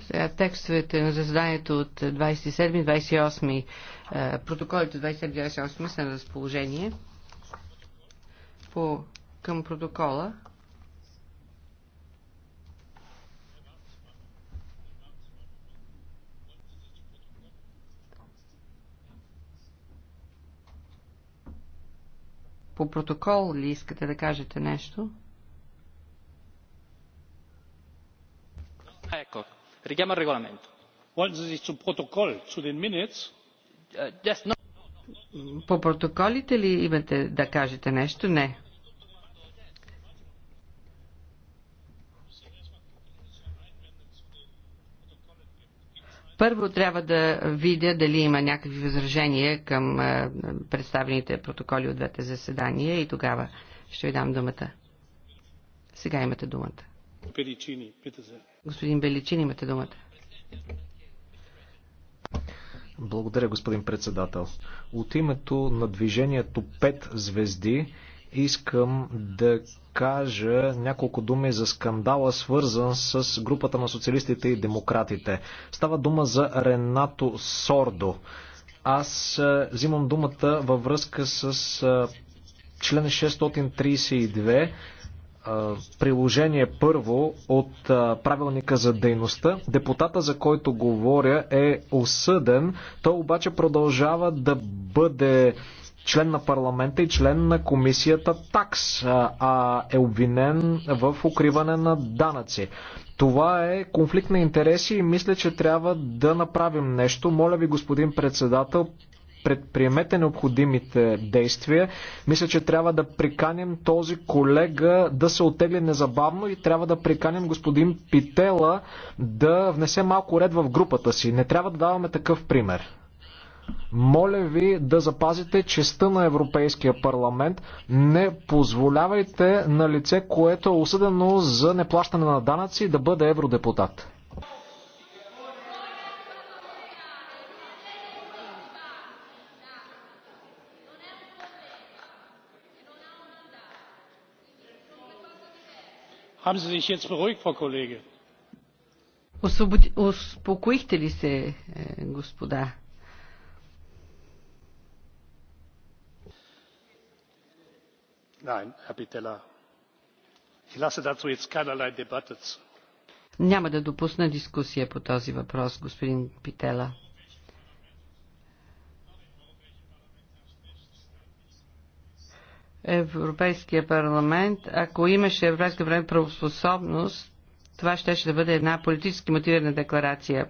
Сега, текстовете на заседанието от 27-28, е, протоколите 27-28 са на разположение по, към протокола. По протокол ли искате да кажете нещо? richiamo al regolamento. Eh, по протоколите ли имате да кажете нещо? не. Първо трябва да видя дали има някакви възражения към е, представените протоколи от двете заседания и тогава ще ви дам думата. Сега имате думата. Перичини, питате. Господин Беличин, имате думата. Благодаря, господин председател. От името на движението 5 звезди искам да кажа няколко думи за скандала, свързан с групата на социалистите и демократите. Става дума за Ренато Сордо. Аз взимам думата във връзка с член 632 приложение първо от правилника за дейността. Депутата, за който говоря, е осъден. Той обаче продължава да бъде член на парламента и член на комисията ТАКС, а е обвинен в укриване на данъци. Това е конфликт на интереси и мисля, че трябва да направим нещо. Моля ви, господин председател, предприемете необходимите действия. Мисля, че трябва да приканим този колега да се отегли незабавно и трябва да приканим господин Питела да внесе малко ред в групата си. Не трябва да даваме такъв пример. Моля ви да запазите честа на Европейския парламент. Не позволявайте на лице, което е осъдено за неплащане на данъци, да бъде евродепутат. Haben Sie sich jetzt beruhigt, Frau Kollege? Освободи... Успокоихте ли се, господа? Nein, Herr Pitella. Ich lasse dazu jetzt keinerlei Debatte zu. Няма да допусна дискусия по този въпрос, господин Питела. Европейския парламент, ако имаше Европейския време правоспособност, това щеше да бъде една политически мотивирана декларация.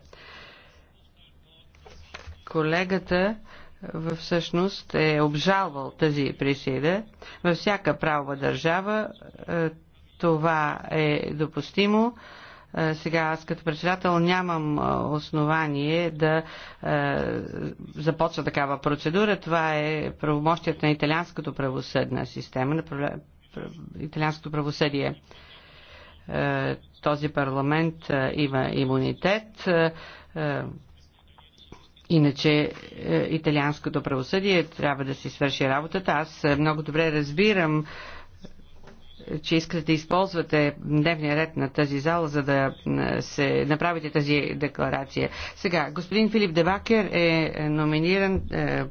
Колегата е, всъщност е обжалвал тази присъда. Във всяка правова държава е, това е допустимо. Е, сега аз като председател нямам е, основание да е, започна такава процедура. Това е правомощията на италианското правосъдна система, на италианското правосъдие този парламент има имунитет. Иначе италианското правосъдие трябва да си свърши работата. Аз много добре разбирам че искате да използвате дневния ред на тази зала, за да се направите тази декларация. Сега, господин Филип Дебакер е номиниран е,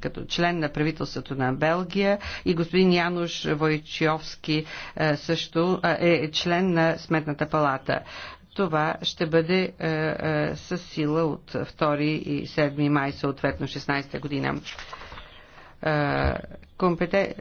като член на правителството на Белгия и господин Януш Войчиовски е, също е, е член на Сметната палата това ще бъде е, е, с сила от 2 и 7 май, съответно 16 година. Е, компетен...